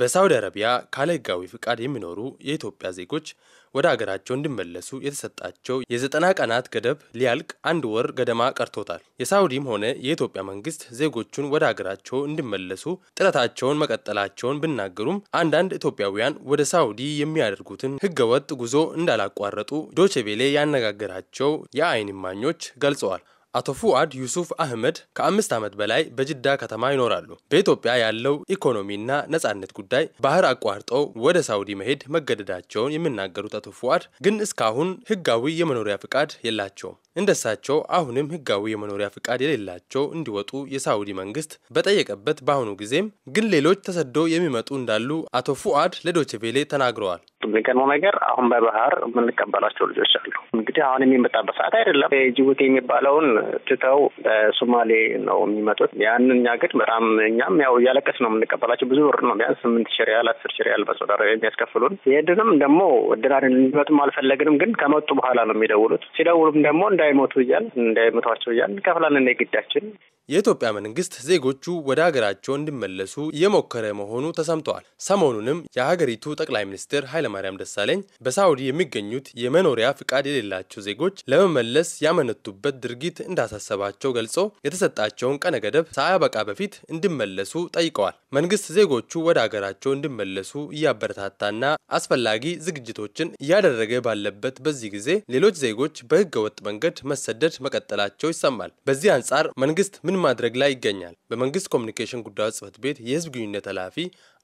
በሳውዲ አረቢያ ካለ ህጋዊ ፍቃድ የሚኖሩ የኢትዮጵያ ዜጎች ወደ አገራቸው እንዲመለሱ የተሰጣቸው የዘጠና ቀናት ገደብ ሊያልቅ አንድ ወር ገደማ ቀርቶታል። የሳውዲም ሆነ የኢትዮጵያ መንግስት ዜጎቹን ወደ አገራቸው እንዲመለሱ ጥረታቸውን መቀጠላቸውን ቢናገሩም አንዳንድ ኢትዮጵያውያን ወደ ሳውዲ የሚያደርጉትን ህገወጥ ጉዞ እንዳላቋረጡ ዶቼ ያነጋገራቸው የአይን እማኞች ገልጸዋል። አቶ ፉአድ ዩሱፍ አህመድ ከአምስት ዓመት በላይ በጅዳ ከተማ ይኖራሉ። በኢትዮጵያ ያለው ኢኮኖሚና ነጻነት ጉዳይ ባህር አቋርጠው ወደ ሳውዲ መሄድ መገደዳቸውን የሚናገሩት አቶ ፉአድ ግን እስካሁን ህጋዊ የመኖሪያ ፍቃድ የላቸውም። እንደሳቸው አሁንም ህጋዊ የመኖሪያ ፍቃድ የሌላቸው እንዲወጡ የሳውዲ መንግስት በጠየቀበት በአሁኑ ጊዜም ግን ሌሎች ተሰዶ የሚመጡ እንዳሉ አቶ ፉአድ ለዶችቬሌ ተናግረዋል። የሚገርመው ነገር አሁን በባህር የምንቀበላቸው ልጆች አሉ። እንግዲህ አሁን የሚመጣበት ሰዓት አይደለም። ጅቡቲ የሚባለውን ትተው በሶማሌ ነው የሚመጡት። ያን እኛ ግን በጣም እኛም ያው እያለቀስ ነው የምንቀበላቸው። ብዙ ብር ነው ቢያንስ ስምንት ሺህ ሪያል አስር ሺህ ሪያል በሳውዲ አረቢያ የሚያስከፍሉን። ይህድንም ደግሞ እድናን እንዲመጡም አልፈለግንም። ግን ከመጡ በኋላ ነው የሚደውሉት። ሲደውሉም ደግሞ እንዳይሞቱ እያል እንዳይመቷቸው እያል እንከፍላለን ግዳችን የኢትዮጵያ መንግስት ዜጎቹ ወደ ሀገራቸው እንዲመለሱ እየሞከረ መሆኑ ተሰምተዋል። ሰሞኑንም የሀገሪቱ ጠቅላይ ሚኒስትር ኃይለማርያም ደሳለኝ በሳውዲ የሚገኙት የመኖሪያ ፍቃድ የሌላቸው ዜጎች ለመመለስ ያመነቱበት ድርጊት እንዳሳሰባቸው ገልጾ የተሰጣቸውን ቀነ ገደብ ሳያበቃ በፊት እንዲመለሱ ጠይቀዋል። መንግስት ዜጎቹ ወደ ሀገራቸው እንዲመለሱ እያበረታታና አስፈላጊ ዝግጅቶችን እያደረገ ባለበት በዚህ ጊዜ ሌሎች ዜጎች በህገ ወጥ መንገድ መሰደድ መቀጠላቸው ይሰማል። በዚህ አንጻር መንግስት ምን ይህን ማድረግ ላይ ይገኛል። በመንግስት ኮሚኒኬሽን ጉዳዮች ጽህፈት ቤት የህዝብ ግንኙነት ኃላፊ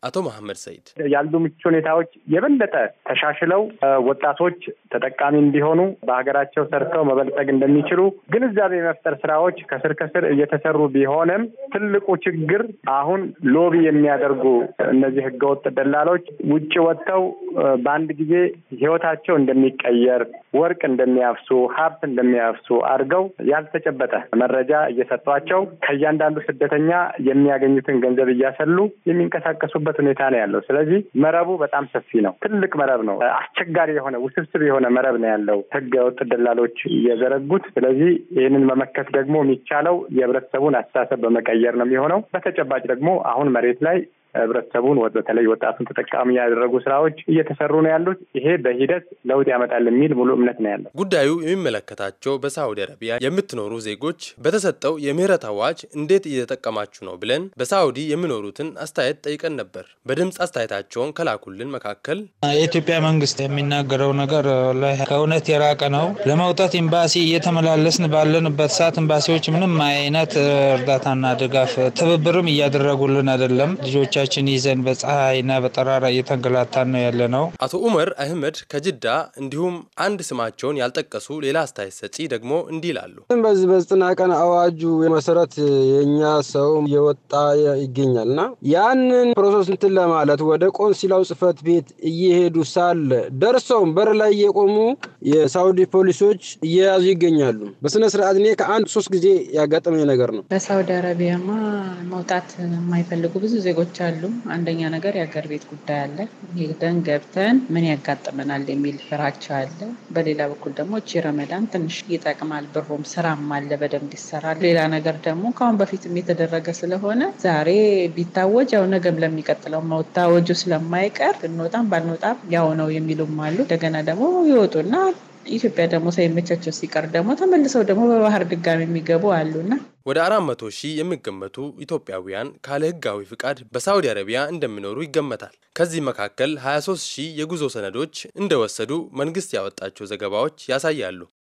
አቶ መሐመድ ሰይድ ያሉ ምቹ ሁኔታዎች የበለጠ ተሻሽለው ወጣቶች ተጠቃሚ እንዲሆኑ በሀገራቸው ሰርተው መበልጸግ እንደሚችሉ ግንዛቤ የመፍጠር ስራዎች ከስር ከስር እየተሰሩ ቢሆንም ትልቁ ችግር አሁን ሎቢ የሚያደርጉ እነዚህ ህገወጥ ደላሎች ውጭ ወጥተው በአንድ ጊዜ ህይወታቸው እንደሚቀየር፣ ወርቅ እንደሚያፍሱ፣ ሀብት እንደሚያፍሱ አድርገው ያልተጨበጠ መረጃ እየሰጧቸው ከእያንዳንዱ ስደተኛ የሚያገኙትን ገንዘብ እያሰሉ የሚንቀሳቀሱበት ያለበት ሁኔታ ነው ያለው። ስለዚህ መረቡ በጣም ሰፊ ነው። ትልቅ መረብ ነው። አስቸጋሪ የሆነ ውስብስብ የሆነ መረብ ነው ያለው ህገ ወጥ ደላሎች እየዘረጉት። ስለዚህ ይህንን መመከት ደግሞ የሚቻለው የህብረተሰቡን አስተሳሰብ በመቀየር ነው የሚሆነው። በተጨባጭ ደግሞ አሁን መሬት ላይ ህብረተሰቡን በተለይ ወጣቱን ተጠቃሚ ያደረጉ ስራዎች እየተሰሩ ነው ያሉት። ይሄ በሂደት ለውጥ ያመጣል የሚል ሙሉ እምነት ነው ያለው። ጉዳዩ የሚመለከታቸው በሳውዲ አረቢያ የምትኖሩ ዜጎች በተሰጠው የምህረት አዋጅ እንዴት እየተጠቀማችሁ ነው ብለን በሳውዲ የሚኖሩትን አስተያየት ጠይቀን ነበር። በድምፅ አስተያየታቸውን ከላኩልን መካከል የኢትዮጵያ መንግስት የሚናገረው ነገር ከእውነት የራቀ ነው። ለመውጣት ኤምባሲ እየተመላለስን ባለንበት ሰዓት ኤምባሲዎች ምንም አይነት እርዳታና ድጋፍ ትብብርም እያደረጉልን አይደለም ልጆቻ ልጆቻችን ይዘን በፀሐይና በጠራራ እየተንገላታን ነው ያለ ነው። አቶ ኡመር አህመድ ከጅዳ እንዲሁም አንድ ስማቸውን ያልጠቀሱ ሌላ አስተያየት ሰጪ ደግሞ እንዲህ ይላሉ። በዚህ በዘጠና ቀን አዋጁ መሰረት የእኛ ሰው እየወጣ ይገኛል እና ያንን ፕሮሰስ እንትን ለማለት ወደ ቆንሲላው ጽህፈት ቤት እየሄዱ ሳለ ደርሰውም በር ላይ እየቆሙ የሳውዲ ፖሊሶች እየያዙ ይገኛሉ። በስነ ስርዓት እኔ ከአንድ ሶስት ጊዜ ያጋጠመኝ ነገር ነው። በሳውዲ አረቢያማ መውጣት የማይፈልጉ ብዙ ዜጎች አሉ። አይደሉም። አንደኛ ነገር የሀገር ቤት ጉዳይ አለ። ሄደን ገብተን ምን ያጋጥመናል የሚል ፍራቻ አለ። በሌላ በኩል ደግሞ እቺ ረመዳን ትንሽ ይጠቅማል፣ ብሮም ስራም አለ፣ በደንብ ይሰራል። ሌላ ነገር ደግሞ ከአሁን በፊትም የተደረገ ስለሆነ ዛሬ ቢታወጅ ያው ነገም ለሚቀጥለው መታወጁ ስለማይቀር ብንወጣም ባንወጣም ያው ነው የሚሉም አሉ። እንደገና ደግሞ ይወጡና ኢትዮጵያ ደግሞ ሳይመቻቸው ሲቀር ደግሞ ተመልሰው ደግሞ በባህር ድጋሚ የሚገቡ አሉና ወደ አራት መቶ ሺህ የሚገመቱ ኢትዮጵያውያን ካለ ህጋዊ ፍቃድ በሳውዲ አረቢያ እንደሚኖሩ ይገመታል። ከዚህ መካከል 23 ሺህ የጉዞ ሰነዶች እንደወሰዱ መንግስት ያወጣቸው ዘገባዎች ያሳያሉ።